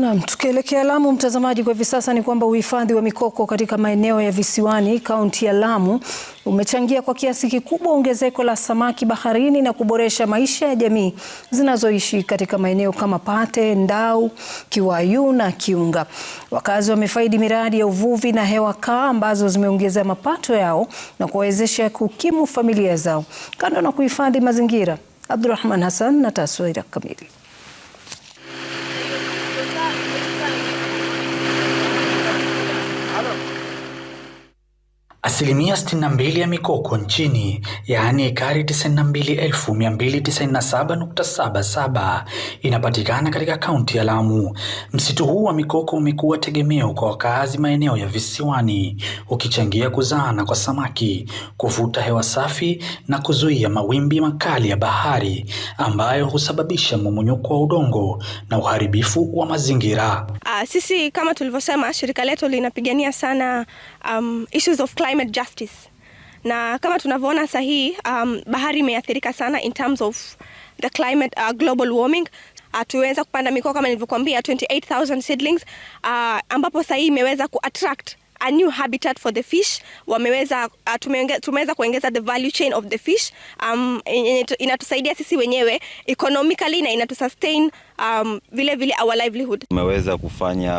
Naam, tukielekea Lamu mtazamaji, kwa hivi sasa ni kwamba uhifadhi wa mikoko katika maeneo ya visiwani kaunti ya Lamu umechangia kwa kiasi kikubwa ongezeko la samaki baharini na kuboresha maisha ya jamii zinazoishi katika maeneo kama Pate, Ndau, Kiwayu na Kiunga. Wakazi wamefaidi miradi ya uvuvi na hewa kaa ambazo zimeongeza mapato yao na kuwawezesha kukimu familia zao. Kando na kuhifadhi mazingira, Abdulrahman Hassan na taswira kamili. Asilimia 62 ya mikoko nchini yaani ekari 92,297.77 inapatikana katika kaunti ya Lamu. Msitu huu wa mikoko umekuwa tegemeo kwa wakazi maeneo ya visiwani, ukichangia kuzaana kwa samaki, kuvuta hewa safi na kuzuia mawimbi makali ya bahari ambayo husababisha mmomonyoko wa udongo na uharibifu wa mazingira. Uh, sisi kama tulivyosema shirika letu linapigania sana um, issues of climate climate justice na kama tunavyoona sasa hii um, bahari imeathirika sana in terms of the climate uh, global warming uh, tuweza kupanda mikoa kama nilivyokuambia 28000 seedlings uh, ambapo sasa hii imeweza kuattract a new habitat for the fish. Wameweza uh, tumeweza, tumeweza kuongeza the value chain of the fish um, inatusaidia sisi wenyewe economically na inatusustain um, vile vile our livelihood. Tumeweza kufanya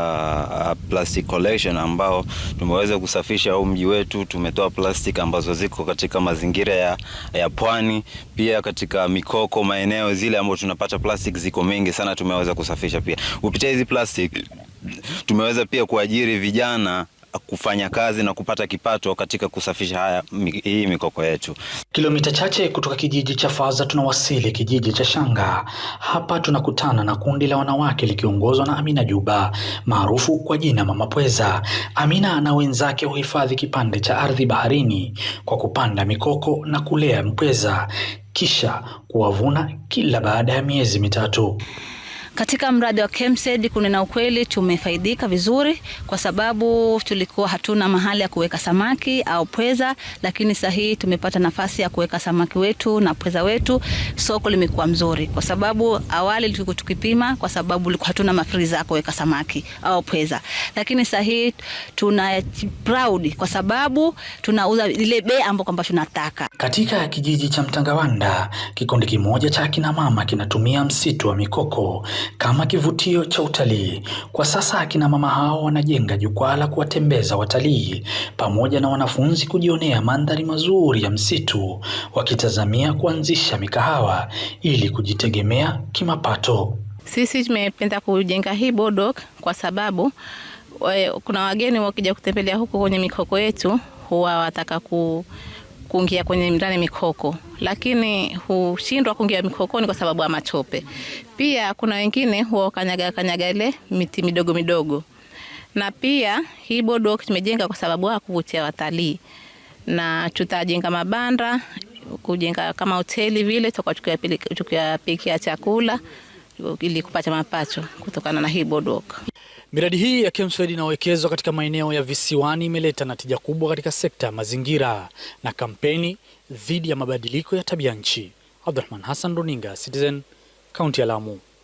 uh, plastic collection ambao tumeweza kusafisha huu mji wetu. Tumetoa plastic ambazo ziko katika mazingira ya, ya pwani, pia katika mikoko, maeneo zile ambayo tunapata plastic ziko mingi sana, tumeweza kusafisha pia kupitia hizi plastic. Tumeweza pia kuajiri vijana kufanya kazi na kupata kipato katika kusafisha haya hii mikoko yetu. Kilomita chache kutoka kijiji cha Faza tunawasili kijiji cha Shanga. Hapa tunakutana na kundi la wanawake likiongozwa na Amina Juba maarufu kwa jina Mama Pweza. Amina na wenzake huhifadhi kipande cha ardhi baharini kwa kupanda mikoko na kulea mpweza kisha kuwavuna kila baada ya miezi mitatu. Katika mradi wa KEMSED kuna na ukweli, tumefaidika vizuri kwa sababu tulikuwa hatuna mahali ya kuweka samaki au pweza, lakini sasa hii tumepata nafasi ya kuweka samaki wetu na pweza wetu. Soko limekuwa mzuri kwa sababu awali tulikuwa tukipima kwa sababu tulikuwa hatuna mafriza ya kuweka samaki au pweza, lakini sasa hii tuna proud kwa sababu tunauza ile bei ambayo kwamba tunataka. Katika kijiji cha Mtangawanda, kikundi kimoja cha kina mama kinatumia msitu wa mikoko kama kivutio cha utalii. Kwa sasa akina mama hao wanajenga jukwaa la kuwatembeza watalii pamoja na wanafunzi kujionea mandhari mazuri ya msitu, wakitazamia kuanzisha mikahawa ili kujitegemea kimapato. Sisi tumependa kujenga hii bodok kwa sababu eh, kuna wageni wakija kutembelea huku kwenye mikoko yetu huwa wataka ku kuingia kwenye ndani mikoko, lakini hushindwa kuingia mikokoni kwa sababu ya matope. Pia kuna wengine huwa kanyaga kanyaga ile miti midogo midogo, na pia hii boardwalk tumejenga tumejenga kwa sababu ya kuvutia watalii, na tutajenga mabanda kujenga kama hoteli vile, tutakuwa tukiwapikia chakula ili kupata mapato kutokana na hii boardwalk. Miradi hii ya KEMSWED inayowekezwa katika maeneo ya visiwani imeleta natija kubwa katika sekta ya mazingira na kampeni dhidi ya mabadiliko ya tabia nchi. Abdurahman Hassan, runinga Citizen, kaunti ya Lamu.